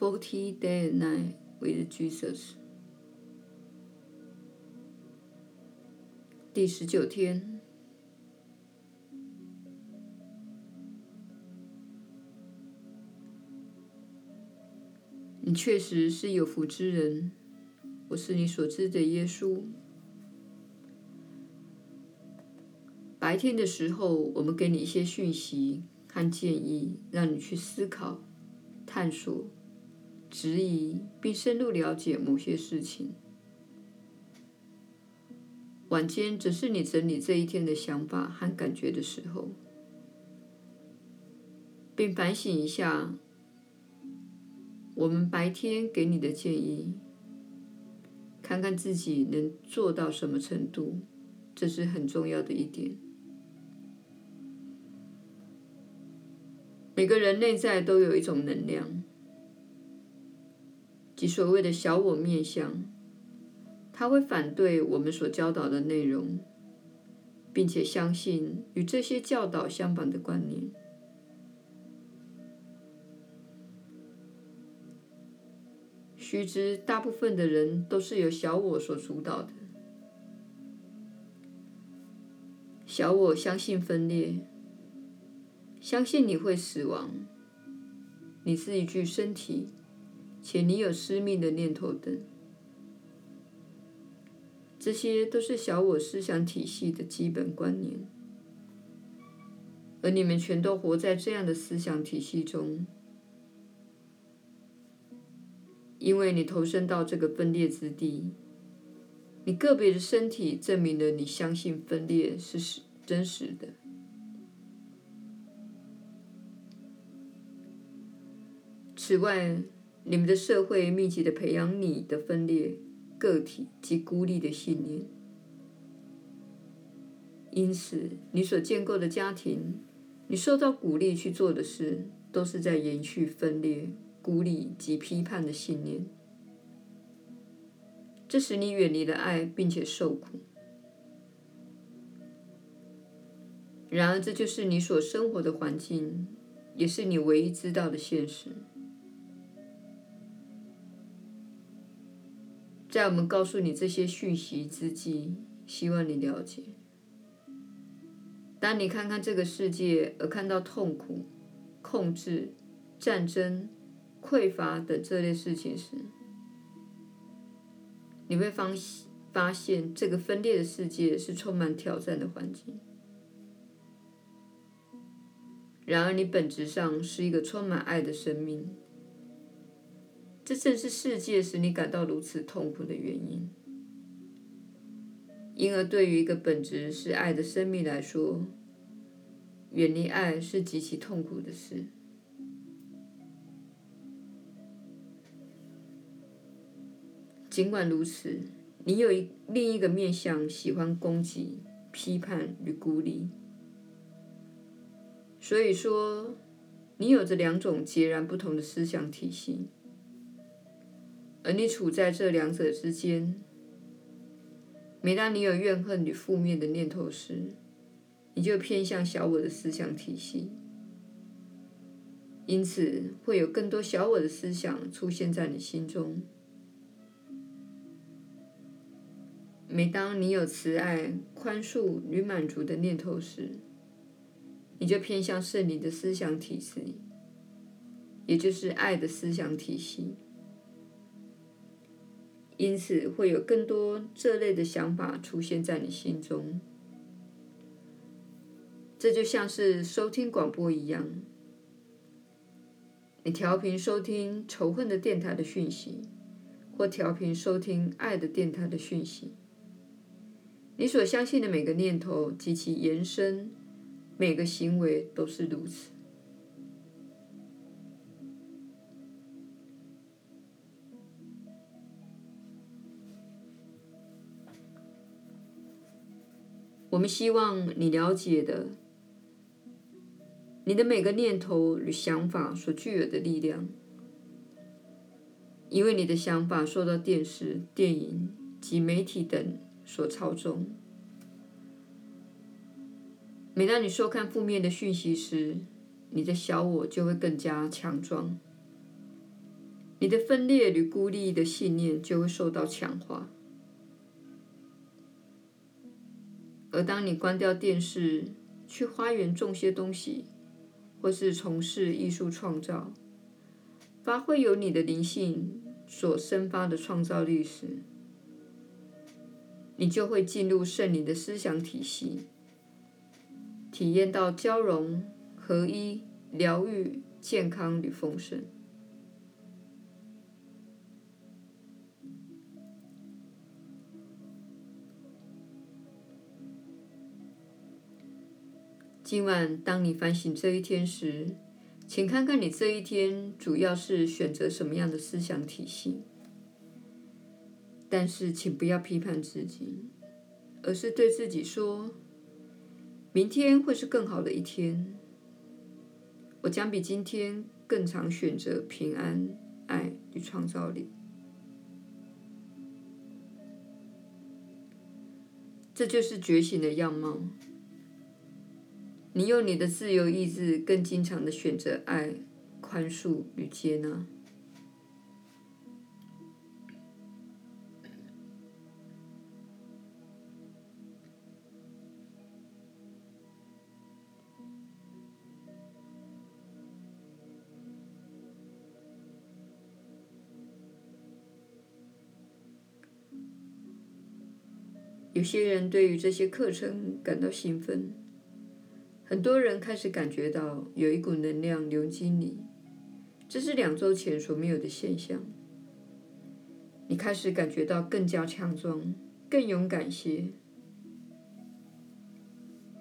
Forty day and night with Jesus，第十九天，你確實是有福之人。我是你所知的耶穌。白天的時候，我們給你一些訊息和建議，讓你去思考、探索。質疑並深入了解某些事情。晚間則是你整理這一天的想法和感覺的時候，並反省一下我們白天給你的建議，看看自己能做到什麼程度，這是很重要的一點。每個人內在都有一種能量。即所謂的小我面向，他會反對我們所教導的內容，並且相信與這些教導相反的觀念。須知，大部分的人都是由小我所主導的。小我相信分裂，相信你會死亡，你是一具身體。且你有私密的念頭等，這些都是小我思想體系的基本觀念，而你們全都活在這樣的思想體系中，因為你投生到這個分裂之地，你個別的身體證明了你相信分裂是實真實的，此外。你們的社會密集地培養你的分裂、個體及孤立的信念，因此，你所建構的家庭，你受到鼓勵去做的事，都是在延續分裂、孤立及批判的信念。這使你遠離了愛並且受苦。然而，這就是你所生活的環境，也是你唯一知道的現實。在我們告訴你這些訊息之際，希望你了解：當你看看這個世界，而看到痛苦、控制、戰爭、匱乏等這類事情時，你會發現發現這個分裂的世界是充滿挑戰的環境。然而，你本質上是一個充滿愛的生命。這正是世界使你感到如此痛苦的原因。因而，對於一個本質是愛的生命來說，遠離愛是極其痛苦的事。儘管如此，你有一另一個面向喜歡攻擊、批判與孤立。所以說，你有着兩種截然不同的思想體系。而你處在這兩者之間，每當你有怨恨與負面的念頭時，你就偏向小我的思想體系，因此會有更多小我的思想出現在你心中。每當你有慈愛、寬恕與滿足的念頭時，你就偏向聖靈的思想體系，也就是愛的思想體系。因此，會有更多這類的想法出現在你心中。這就像是收聽廣播一樣，你調頻收聽仇恨的電台的訊息，或調頻收聽愛的電台的訊息。你所相信的每個念頭及其延伸，每個行為都是如此。我們希望你了解的，你的每個念頭與想法所具有的力量，因為你的想法受到電視、電影及媒體等所操縱。每當你收看負面的訊息時，你的小我就會更加強壯，你的分裂與孤立的信念就會受到強化。可當你關掉電視，去花園種些東西，或是從事藝術創造，發揮由你的靈性所生發的創造力時，你就會進入聖靈的思想體系，體驗到交融、合一、療癒、健康與豐盛。今晚，當你反省這一天時，請看看你這一天主要是選擇什麼樣的思想體系。但是，請不要批判自己，而是對自己說：明天會是更好的一天。我將比今天更常選擇平安、愛與創造力。這就是覺醒的樣貌。你用你的自由意志更經常的選擇愛、寬恕與接納。有些人對於這些課程感到興奮。很多人開始感覺到，有一股能量流經你，這是兩週前所沒有的現象。你開始感覺到更加強壯，更勇敢些。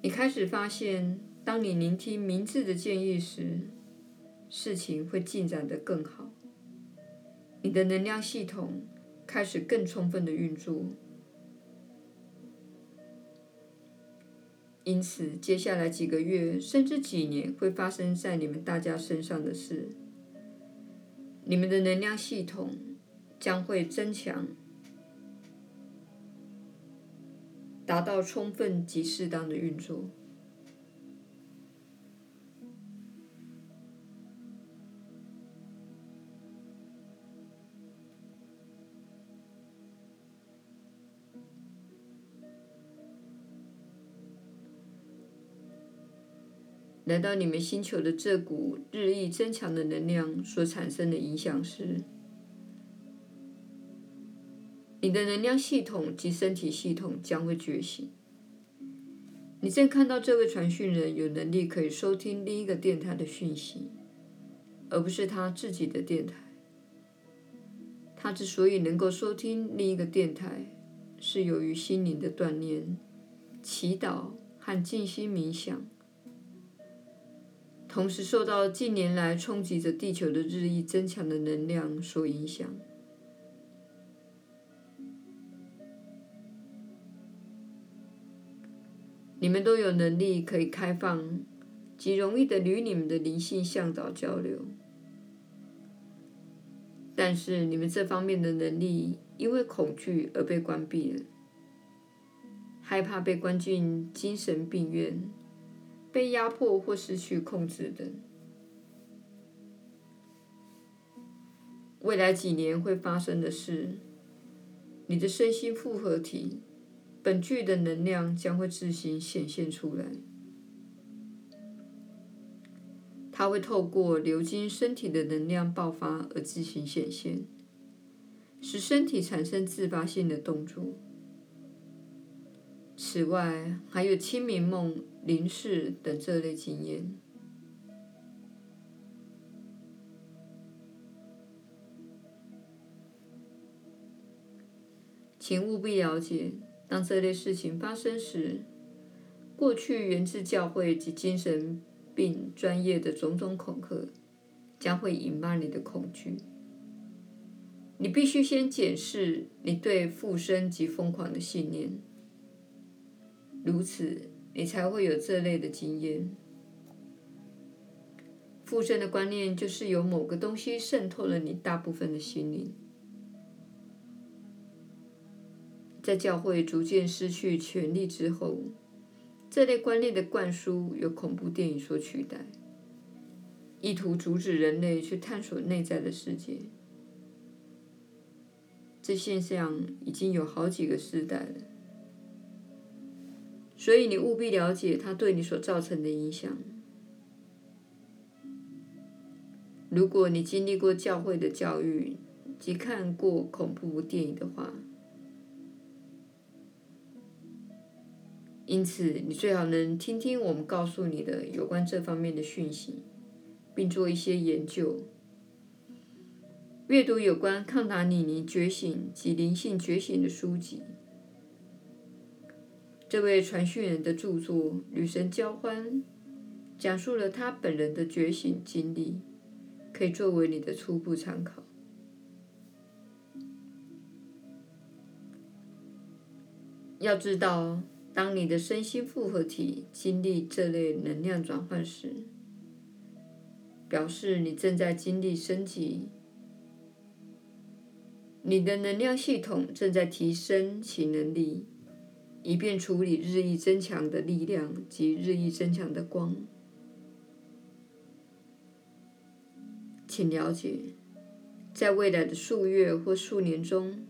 你開始發現，當你聆聽明智的建議時，事情會進展得更好。你的能量系統開始更充分地運作。因此，接下來幾個月甚至幾年會發生在你們大家身上的事，你們的能量系統將會增強，達到充分及適當的運作。來到你們星球的這股日益增強的能量所產生的影響是，你的能量系統及身體系統將會覺醒。你正看到這位傳訊人有能力可以收聽另一個電台的訊息，而不是她自己的電台。她之所以能夠收聽另一個電台，是由於心靈的鍛煉、祈禱和靜心冥想。同時受到近年來衝擊着地球的日益增強的能量所影響，你們都有能力可以開放及容易的與你們的靈性向導交流，但是你們這方面的能力因為恐懼而被關閉了，害怕被關進精神病院。被壓迫或失去控制的。未來幾年會發生的是，你的身心複合體，本具的能量將會自行顯現出來，它會透過流經身體的能量爆發而自行顯現，使身體產生自發性的動作。此外，還有清明夢、靈視等這類經驗，請務必了解。當這類事情發生時，過去源自教會及精神病專業的種種恐嚇，將會引發你的恐懼。你必須先檢視你對附身及瘋狂的信念。如此，你才會有這類的經驗。附身的觀念就是有某個東西滲透了你大部分的心靈。在教會逐漸失去權力之後，這類觀念的灌輸由恐怖電影所取代，意圖阻止人類去探索內在的世界。這現象已經有好幾個世代了。所以你務必了解它對你所造成的影響。如果你經歷過教會的教育及看過恐怖電影的話，因此你最好能聽聽我們告訴你的有關這方面的訊息，並做一些研究，閱讀有關亢達里尼覺醒及靈性覺醒的書籍。這位傳訊人的著作《與神交歡》講述了她本人的覺醒經歷，可以作為你的初步參考。要知道，當你的身心複合體經歷這類能量轉換時，表示你正在經歷升級，你的能量系統正在提升其能力。以便處理日益增強的力量及日益增強的光。請了解，在未來的數月或數年中，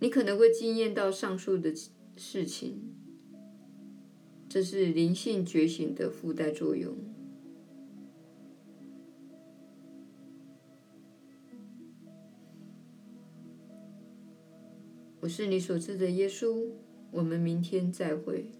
你可能會經驗到上述的事情，這是靈性覺醒的附帶作用。我是你所知的耶穌。我們明天再會。